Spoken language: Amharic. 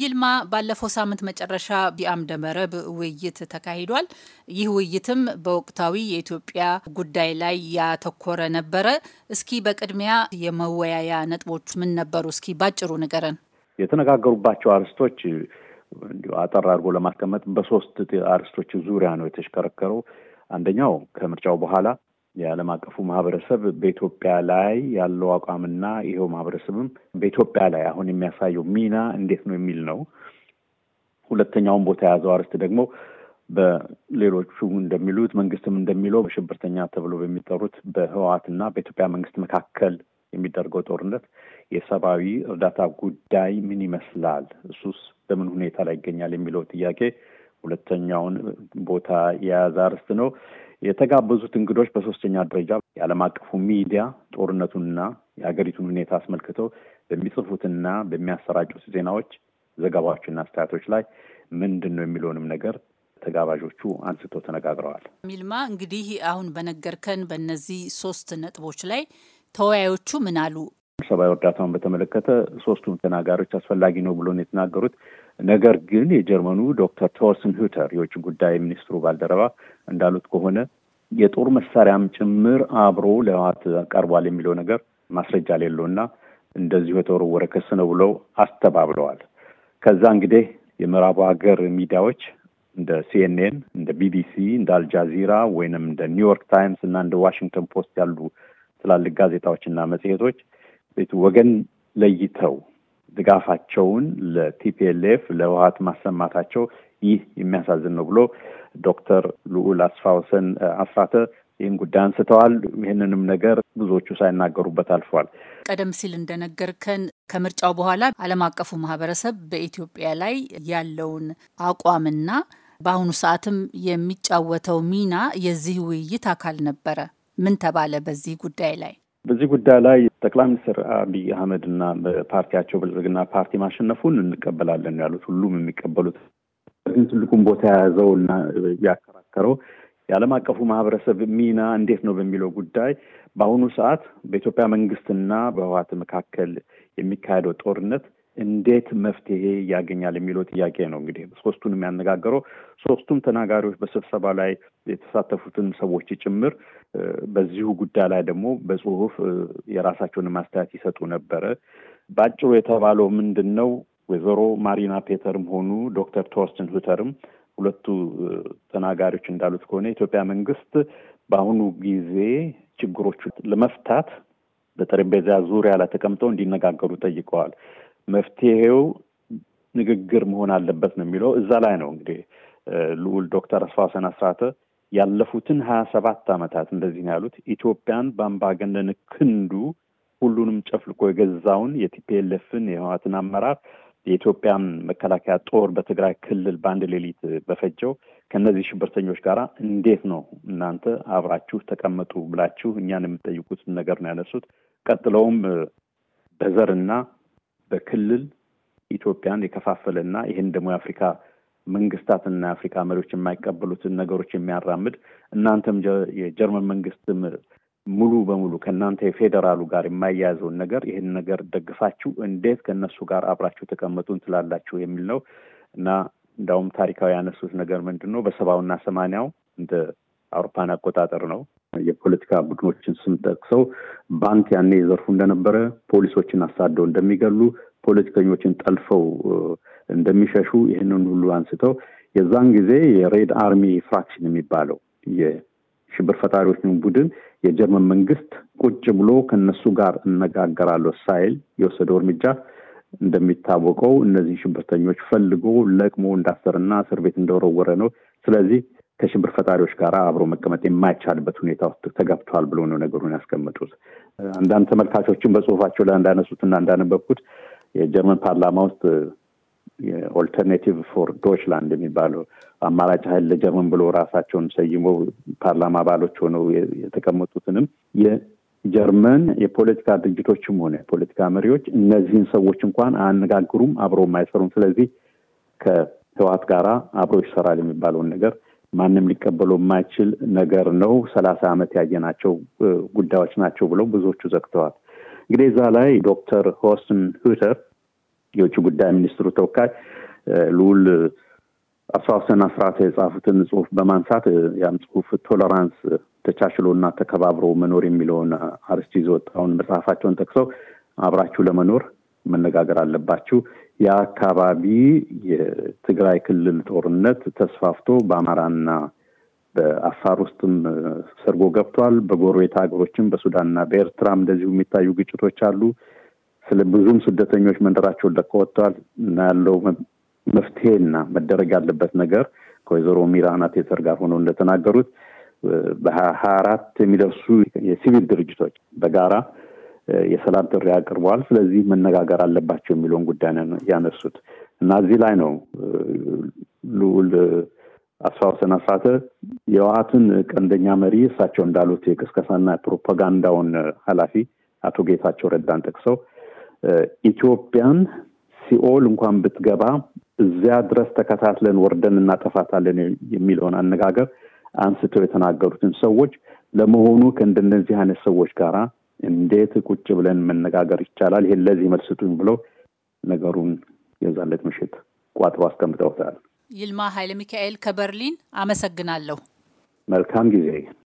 ይልማ ባለፈው ሳምንት መጨረሻ ቢአምደ መረብ ውይይት ተካሂዷል። ይህ ውይይትም በወቅታዊ የኢትዮጵያ ጉዳይ ላይ ያተኮረ ነበረ። እስኪ በቅድሚያ የመወያያ ነጥቦች ምን ነበሩ? እስኪ ባጭሩ ንገረን። የተነጋገሩባቸው አርዕስቶች እንዲሁ አጠር አድርጎ ለማስቀመጥ በሶስት አርዕስቶች ዙሪያ ነው የተሽከረከረው። አንደኛው ከምርጫው በኋላ የዓለም አቀፉ ማህበረሰብ በኢትዮጵያ ላይ ያለው አቋምና ይኸው ማህበረሰብም በኢትዮጵያ ላይ አሁን የሚያሳየው ሚና እንዴት ነው የሚል ነው። ሁለተኛውን ቦታ የያዘው አርዕስት ደግሞ በሌሎቹ እንደሚሉት መንግስትም እንደሚለው በሽብርተኛ ተብሎ በሚጠሩት በህወሓትና በኢትዮጵያ መንግስት መካከል የሚደርገው ጦርነት የሰብአዊ እርዳታ ጉዳይ ምን ይመስላል፣ እሱስ በምን ሁኔታ ላይ ይገኛል የሚለው ጥያቄ ሁለተኛውን ቦታ የያዘ አርዕስት ነው። የተጋበዙት እንግዶች በሶስተኛ ደረጃ የዓለም አቀፉ ሚዲያ ጦርነቱንና የሀገሪቱን ሁኔታ አስመልክተው በሚጽፉትና በሚያሰራጩት ዜናዎች፣ ዘገባዎችና አስተያየቶች ላይ ምንድን ነው የሚለውንም ነገር ተጋባዦቹ አንስቶ ተነጋግረዋል። ሚልማ እንግዲህ አሁን በነገርከን በእነዚህ ሶስት ነጥቦች ላይ ተወያዮቹ ምን አሉ? ሰብአዊ እርዳታውን በተመለከተ ሶስቱም ተናጋሪዎች አስፈላጊ ነው ብሎ ነው የተናገሩት። ነገር ግን የጀርመኑ ዶክተር ቶርስን ሁተር የውጭ ጉዳይ ሚኒስትሩ ባልደረባ እንዳሉት ከሆነ የጦር መሳሪያም ጭምር አብሮ ለህወሓት ቀርቧል የሚለው ነገር ማስረጃ ሌለውና እንደዚሁ የተወረወረ ክስ ነው ብለው አስተባብለዋል። ከዛ እንግዲህ የምዕራቡ ሀገር ሚዲያዎች እንደ ሲኤንኤን፣ እንደ ቢቢሲ፣ እንደ አልጃዚራ ወይንም እንደ ኒውዮርክ ታይምስ እና እንደ ዋሽንግተን ፖስት ያሉ ትላልቅ ጋዜጣዎችና መጽሔቶች ቤቱ ወገን ለይተው ድጋፋቸውን ለቲፒኤልኤፍ ለህወሓት ማሰማታቸው ይህ የሚያሳዝን ነው ብሎ ዶክተር ልዑል አስፋውሰን አስራተ ይህን ጉዳይ አንስተዋል። ይህንንም ነገር ብዙዎቹ ሳይናገሩበት አልፏል። ቀደም ሲል እንደነገርከን ከምርጫው በኋላ ዓለም አቀፉ ማህበረሰብ በኢትዮጵያ ላይ ያለውን አቋምና በአሁኑ ሰዓትም የሚጫወተው ሚና የዚህ ውይይት አካል ነበረ። ምን ተባለ በዚህ ጉዳይ ላይ? በዚህ ጉዳይ ላይ ጠቅላይ ሚኒስትር አብይ አህመድ እና በፓርቲያቸው ብልጽግና ፓርቲ ማሸነፉን እንቀበላለን ያሉት ሁሉም የሚቀበሉት ግን ትልቁም ቦታ የያዘው እና ያከራከረው የዓለም አቀፉ ማህበረሰብ ሚና እንዴት ነው በሚለው ጉዳይ በአሁኑ ሰዓት በኢትዮጵያ መንግስትና በህወሓት መካከል የሚካሄደው ጦርነት እንዴት መፍትሄ ያገኛል የሚለው ጥያቄ ነው። እንግዲህ ሶስቱን የሚያነጋገረው ሶስቱም ተናጋሪዎች በስብሰባ ላይ የተሳተፉትን ሰዎች ጭምር በዚሁ ጉዳይ ላይ ደግሞ በጽሁፍ የራሳቸውን ማስተያየት ይሰጡ ነበረ። በአጭሩ የተባለው ምንድን ነው? ወይዘሮ ማሪና ፔተርም ሆኑ ዶክተር ቶርስትን ሁተርም ሁለቱ ተናጋሪዎች እንዳሉት ከሆነ የኢትዮጵያ መንግስት በአሁኑ ጊዜ ችግሮቹ ለመፍታት በጠረጴዛ ዙሪያ ላይ ተቀምጠው እንዲነጋገሩ ጠይቀዋል። መፍትሄው ንግግር መሆን አለበት ነው የሚለው። እዛ ላይ ነው እንግዲህ ልዑል ዶክተር አስፋሰን አስራተ ያለፉትን ሀያ ሰባት ዓመታት እንደዚህ ነው ያሉት። ኢትዮጵያን በአምባገነን ክንዱ ሁሉንም ጨፍልቆ የገዛውን የቲፒኤልኤፍን የህወሓትን አመራር የኢትዮጵያን መከላከያ ጦር በትግራይ ክልል በአንድ ሌሊት በፈጀው ከእነዚህ ሽብርተኞች ጋር እንዴት ነው እናንተ አብራችሁ ተቀመጡ ብላችሁ እኛን የምጠይቁት ነገር ነው ያነሱት። ቀጥለውም በዘርና በክልል ኢትዮጵያን የከፋፈለና ይህን ደግሞ የአፍሪካ መንግስታትና የአፍሪካ መሪዎች የማይቀበሉትን ነገሮች የሚያራምድ እናንተም የጀርመን መንግስትም ሙሉ በሙሉ ከእናንተ የፌዴራሉ ጋር የማያያዘውን ነገር ይህን ነገር ደግፋችሁ እንዴት ከእነሱ ጋር አብራችሁ ተቀመጡ እንትላላችሁ የሚል ነው እና እንዳውም ታሪካዊ ያነሱት ነገር ምንድን ነው? በሰባውና ሰማንያው እንደ አውሮፓን አቆጣጠር ነው የፖለቲካ ቡድኖችን ስም ጠቅሰው ባንክ ያኔ የዘርፉ እንደነበረ፣ ፖሊሶችን አሳደው እንደሚገሉ፣ ፖለቲከኞችን ጠልፈው እንደሚሸሹ ይህንን ሁሉ አንስተው የዛን ጊዜ የሬድ አርሚ ፍራክሽን የሚባለው ሽብር ፈጣሪዎችን ቡድን የጀርመን መንግስት ቁጭ ብሎ ከነሱ ጋር እነጋገራለሁ ሳይል የወሰደው እርምጃ እንደሚታወቀው እነዚህ ሽብርተኞች ፈልጎ ለቅሞ እንዳሰረና እስር ቤት እንደወረወረ ነው። ስለዚህ ከሽብር ፈጣሪዎች ጋር አብሮ መቀመጥ የማይቻልበት ሁኔታ ውስጥ ተገብተዋል ብሎ ነው ነገሩን ያስቀመጡት። አንዳንድ ተመልካቾችን በጽሁፋቸው ላይ እንዳነሱትና እንዳነበብኩት የጀርመን ፓርላማ ውስጥ የኦልተርኔቲቭ ፎር ዶችላንድ የሚባለው አማራጭ ኃይል ለጀርመን ብሎ ራሳቸውን ሰይመው ፓርላማ አባሎች ሆነው የተቀመጡትንም የጀርመን የፖለቲካ ድርጅቶችም ሆነ የፖለቲካ መሪዎች እነዚህን ሰዎች እንኳን አያነጋግሩም፣ አብረውም አይሰሩም። ስለዚህ ከህወሓት ጋራ አብሮ ይሰራል የሚባለውን ነገር ማንም ሊቀበለው የማይችል ነገር ነው። ሰላሳ ዓመት ያየናቸው ጉዳዮች ናቸው ብለው ብዙዎቹ ዘግተዋል። እንግዲህ እዛ ላይ ዶክተር ሆስትን ሁተር የውጭ ጉዳይ ሚኒስትሩ ተወካይ ልውል አስፋውሰን አስራት የጻፉትን ጽሁፍ በማንሳት ያም ጽሁፍ ቶለራንስ ተቻችሎና ተከባብሮ መኖር የሚለውን አርስቲ ይዞ ወጣውን መጽሐፋቸውን ጠቅሰው አብራችሁ ለመኖር መነጋገር አለባችሁ። የአካባቢ የትግራይ ክልል ጦርነት ተስፋፍቶ በአማራና በአፋር ውስጥም ሰርጎ ገብቷል። በጎረቤት ሀገሮችም በሱዳንና በኤርትራም እንደዚሁ የሚታዩ ግጭቶች አሉ። ስለ ብዙም ስደተኞች መንደራቸውን ለቀው ወጥተዋል እና ያለው መፍትሄና መደረግ ያለበት ነገር ከወይዘሮ ሚራናት ቴተር ጋር ሆነው እንደተናገሩት በሀያ አራት የሚደርሱ የሲቪል ድርጅቶች በጋራ የሰላም ጥሪ አቅርበዋል። ስለዚህ መነጋገር አለባቸው የሚለውን ጉዳይ ያነሱት እና እዚህ ላይ ነው ልዑል አስፋው ሰነፋተ የህወሓትን ቀንደኛ መሪ እሳቸው እንዳሉት የቅስቀሳና ፕሮፓጋንዳውን ኃላፊ አቶ ጌታቸው ረዳን ጠቅሰው ኢትዮጵያን ሲኦል እንኳን ብትገባ እዚያ ድረስ ተከታትለን ወርደን እናጠፋታለን የሚለውን አነጋገር አንስተው የተናገሩትን ሰዎች ለመሆኑ ከእንደነዚህ አይነት ሰዎች ጋር እንዴት ቁጭ ብለን መነጋገር ይቻላል? ይሄን ለዚህ መልስ ብሎ ብለው ነገሩን የዛለት ምሽት ቋጥሮ አስቀምጠውታል። ይልማ ኃይለ ሚካኤል ከበርሊን አመሰግናለሁ። መልካም ጊዜ